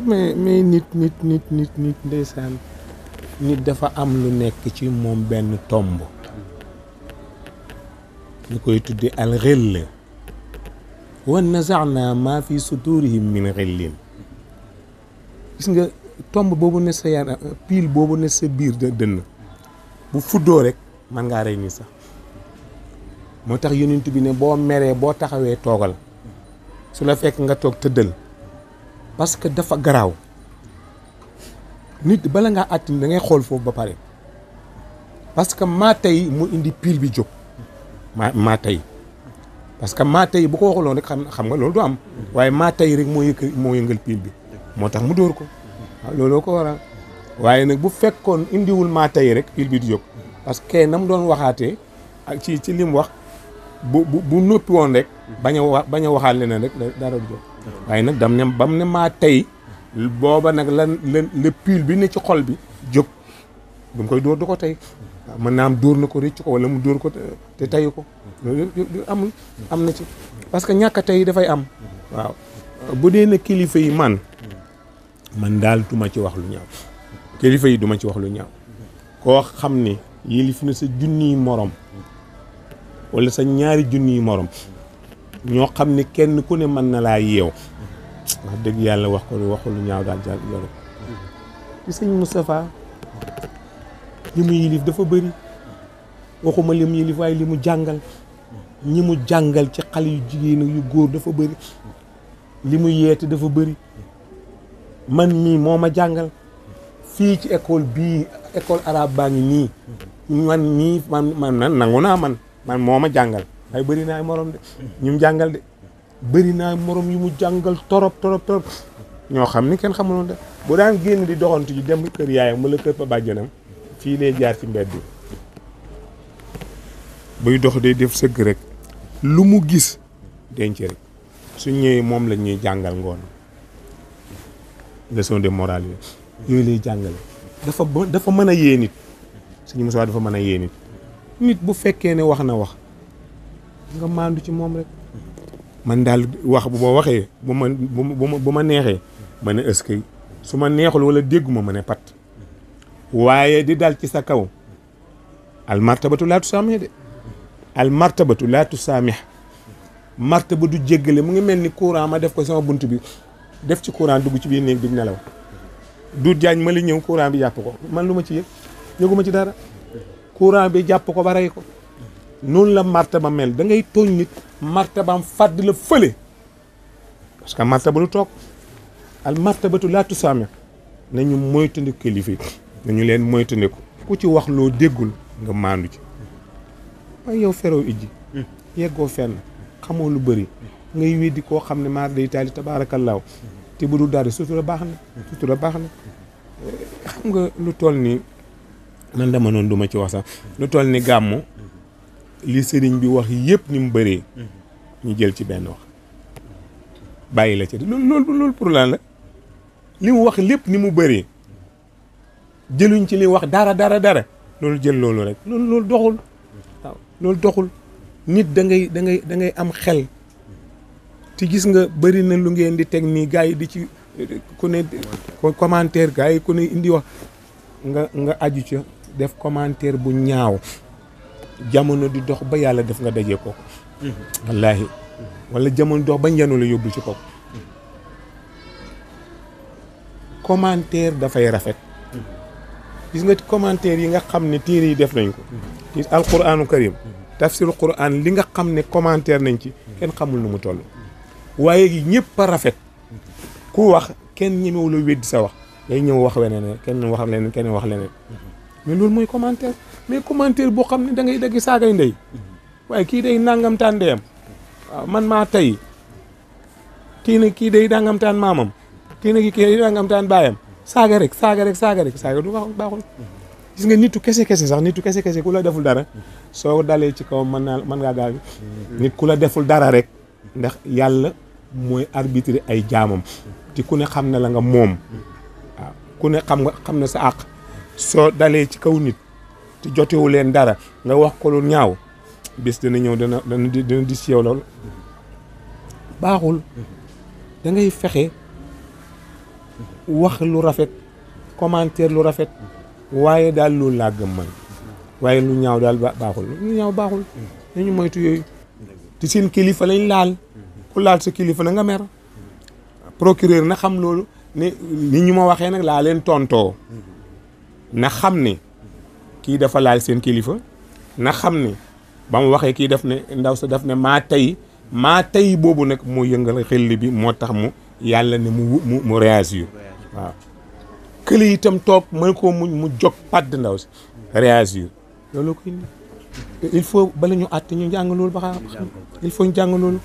waaw mais mais nit nit nit nit nit ndeysaan nit dafa am lu nekk ci moom benn tomb ñu koy tudde al xill wa nazaana maa fi suturihim min xillin gis nga tomb boobu ne sa yaram piil boobu ne sa biir dënn bu fuddoo rek man ngaa rey nii sax moo tax yonent bi ne boo meree boo taxawee toogal su la fekk nga toog tëddal parce que dafa garaaw nit bala ngaa àtt da ngay xool foofu ba pare parce que maa mu indi pile bi jóg maa maa tey parce que maa tey bu ko waxuloon rek xam xam nga loolu du am waaye maa tey rek moo yëkk moo yëngal pile bi moo tax mu dóor ko looloo ko waral waaye nag bu fekkoon indiwul maa tey rek pile bi di jóg parce que na mu doon waxaatee ak ci ci li wax bu bu bu noppi woon rek bañ a bañ a waxaat leneen rek dara du jóg waaye nag dam ne mu ne maa tey booba nag lan lan le bi ne ci xol bi jóg bu mu koy dóor du ko tey mën naa am dóor na ko rëcc ko wala mu dóor ko te tey ko loolu amul am na ci parce que ñàkk a dafay am waaw bu dee ne kilifa yi man man daal duma ci wax lu ñaaw kilifa yi duma ci wax lu ñaaw koo xam ne yilif na sa junniy moroom wala sa ñaari junniy moroom ñoo xam ni kenn ku ne mën na laa yeew wax dëgg yàlla wax ko waxul ñaaw daal jàll yoru ci sëñ Moustapha li mu yilif dafa bari waxuma li mu yilif waaye li mu jàngal ñi mu jàngal ci xale yu jigéen yu góor dafa bëri li mu yeete dafa bari man mii moo ma jàngal fii ci école bii école arabe baa ngi nii man mii man man nangu naa man man moo ma jàngal bari na ay morom de ñu jangal de bari na morom yu mu jangal torop torop torop ño xamni ken xamul won de bu daan genn di doxantu ji dem kër yaayam wala keur pa bajjanam fi lay jaar ci mbedd buy dox day def seug rek lu mu gis denc rek su ñewé mom la ñuy jangal ngon leçon de morale yi lay jangal dafa dafa mëna yé nit suñu musa dafa mëna yé nit nit bu fekké ne wax wax nga maandu ci moom man daal wax bu boo waxee bu ma bu ma neexee ma ne est-ce su ma neexul wala dégguma ma ne pat waaye di dal ci sa kaw al martabatu laa tusaamih de al martabatu laa tusaamih martaba du jéggale mu ngi mel ni courant ma def ko sama bunt bi def ci courant dugg ci biir néeg bi nelaw du jaañ ma li ñëw courant bi jàpp ko man lu ma ci yëg yëguma ci dara courant bi jàpp ko ba ko noonu la martaba mel da ngay tooñ nit martabaam fàdd la fële parce que martaba lu toog al martabatu laa tusaame nañu moytandiku kilifa yi nañu leen moytandiku ku ci wax loo déggul nga maandu ci waaye yow feroo ijji yeggoo fenn xamoo lu bari ngay weddi koo xam ne maar day taali laa te bu dul daal sutura baax na sutura baax na eh, xam nga lu toll ni man dama noonu duma ci wax sax lu toll ni gàmmu li sëriñ bi wax yépp ni mu bëree ñu jël ci benn wax bàyyi la ci loolu loolu loolu la li wax lépp ni mu bëree jëluñ ci li wax dara dara dara loolu jël loolu rek loolu loolu doxul loolu doxul nit da ngay da ngay am xel te gis nga bari na lu ngeen di teg nii gars di ci ku ne commentaire gars yi ku ne indi wax nga nga aju ca def commentaire bu ñaaw jamono di dox ba yàlla def nga dajee ko wallaahi wala jamono dox ba njanu yóbbu ci ko commentaire dafay rafet gis nga commentaire yi nga xam ne téere yi def nañ ko ci alquranu karim tafsiru quran li nga xam ne commentaire nañ ci kenn xamul nu mu toll waaye ñëpp a rafet ku wax kenn ñemewu la weddi sa wax day ñëw wax weneen kenn wax leneen kenn wax leneen mais loolu muy commentaire mais commentaire boo xam ne da ngay dagg saagay ndey waaye kii day nangamtaan ndeyam waaw man maa tey kii ne kii day nangamtaan maamam kii ne kii day nangamtaan baayam saaga rek saaga rek saaga rek saaga du baaxul baaxul gis nga nitu kese kese sax nitu kese kese ku la deful dara soo dalee ci kawam mën naa mën ngaa gaaw nit ku la deful dara rek ndax yàlla mooy arbitre ay jaamam te ku ne xam na la nga moom waaw ku ne xam nga xam na sa àq soo dalee ci kaw nit te jotewu leen dara nga wax ko lu ñaaw bis dana ñëw dana dana dina dis yow lool baaxul da ngay fexe wax lu rafet commentaire lu rafet waaye daal loolu laa gëm man waaye lu ñaaw daal baaxul lu ñaaw baaxul nañu moytu yooyu te seen kilifa lañ laal ku laal sa kilifa na nga mer procureur na xam loolu ne ni ñu ma waxee nag laa leen tontoo na xam ne kii dafa laal seen kilifa na xam ne ba mu waxee kii def ne ndaw sa def ne maa tey maa tey boobu nag moo yëngal xel bi moo tax mu yàlla ne mu mu mu réagir waaw kële itam toog mën koo muñ mu jóg padd ndaw si réagir il faut bala ñu àtt ñu jàng loolu ba xam il faut ñu jàng loolu